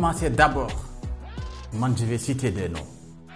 Commencer d'abord, moi je vais citer des noms.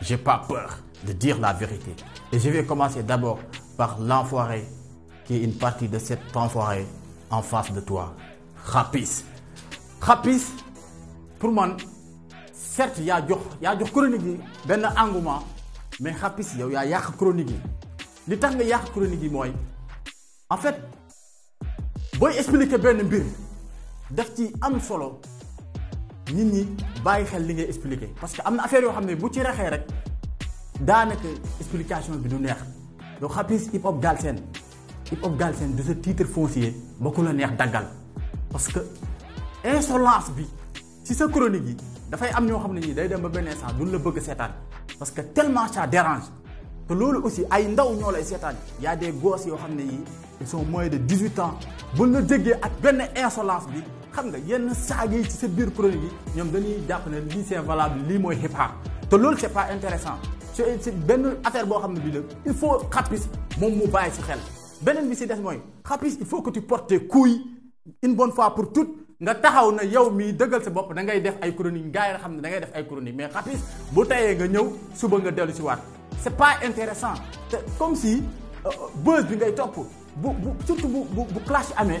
J'ai pas peur de dire la vérité. Et je vais commencer d'abord par l'enfoiré, qui est une partie de cet enfoiré en face de toi. Rapis. Rapis, pour moi, certes, il y a une chronique, ben engouement, mais Rapis, il y a du chronique. Le temps que y chronique, moi, en fait, si expliquez expliquer ben mbir, daf am solo nit ñi bàyyi xel li ngay expliquer parce que am na affaire yoo xam ne bu ci raxee rek daanaka explication bi du neex yow xapis hip hop galsen hip hop galsen de ce titre foncier ba ku la neex daggal parce que insolence bi ci sa chronique yi dafay am ñoo xam ne ñi day dem ba benn instant duñ la bëgg seetaan parce que tellement ça dérange te loolu aussi ay ndaw ñoo lay seetaan y a des gosses yoo xam ne yi ils sont moins de 18 ans buñ la déggee ak benn insolence bi xam nga yenn saaga yi ci sa biir chronique yi ñoom dañuy jàpp ne lii c'est valable lii mooy hip hop te loolu c'est pas intéressant c'est benn affaire boo xam ne bii la il faut xapis moom mu bàyyi si xel beneen bi si def mooy xapis il faut que tu portes couille une bonne fois pour toutes nga taxaw na yow mii dëggal sa bopp da ngay def ay chronique gars yi xam ne da ngay def ay chronique mais xapis bu tayee nga ñëw suba nga dellu si waat c'est pas intéressant te comme si euh, buzz bi ngay topp bu bu surtout bu bu bu clash amee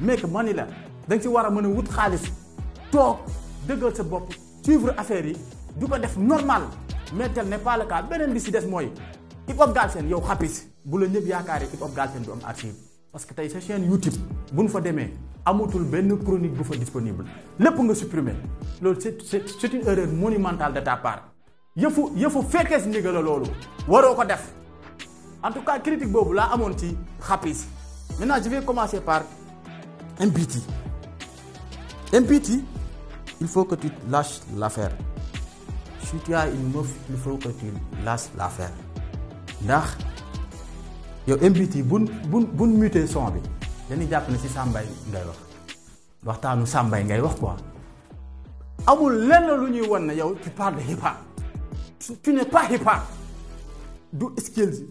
mais que mani la da nga ci war a mën a wut xaalis toog dëggal sa bopp suivre affaire yi du ko def normal mais tel n'est pas beneen bi si des mooy hip hop Galsen yow xapis bu la ñëpp yaakaar yi hip hop Galsen du am archive parce que tey sa chaîne YouTube bu nu fa demee amatul benn chronique bu fa disponible lépp nga supprimer loolu c'est c'est une erreur monumentale de ta part yëfu yëfu fekkees ndigal la loolu waroo ko def en tout cas critique boobu laa amoon ci xapis maintenant je par impiti. il faut que tu lâches l'affaire. Si tu as une meuf, il faut que tu lâches l'affaire. ndax yow impiti buñ buñ buñ muté son bi japp ne ci ngay wax quoi amul tu parles de hip hop tu n'es pas hip hop du skills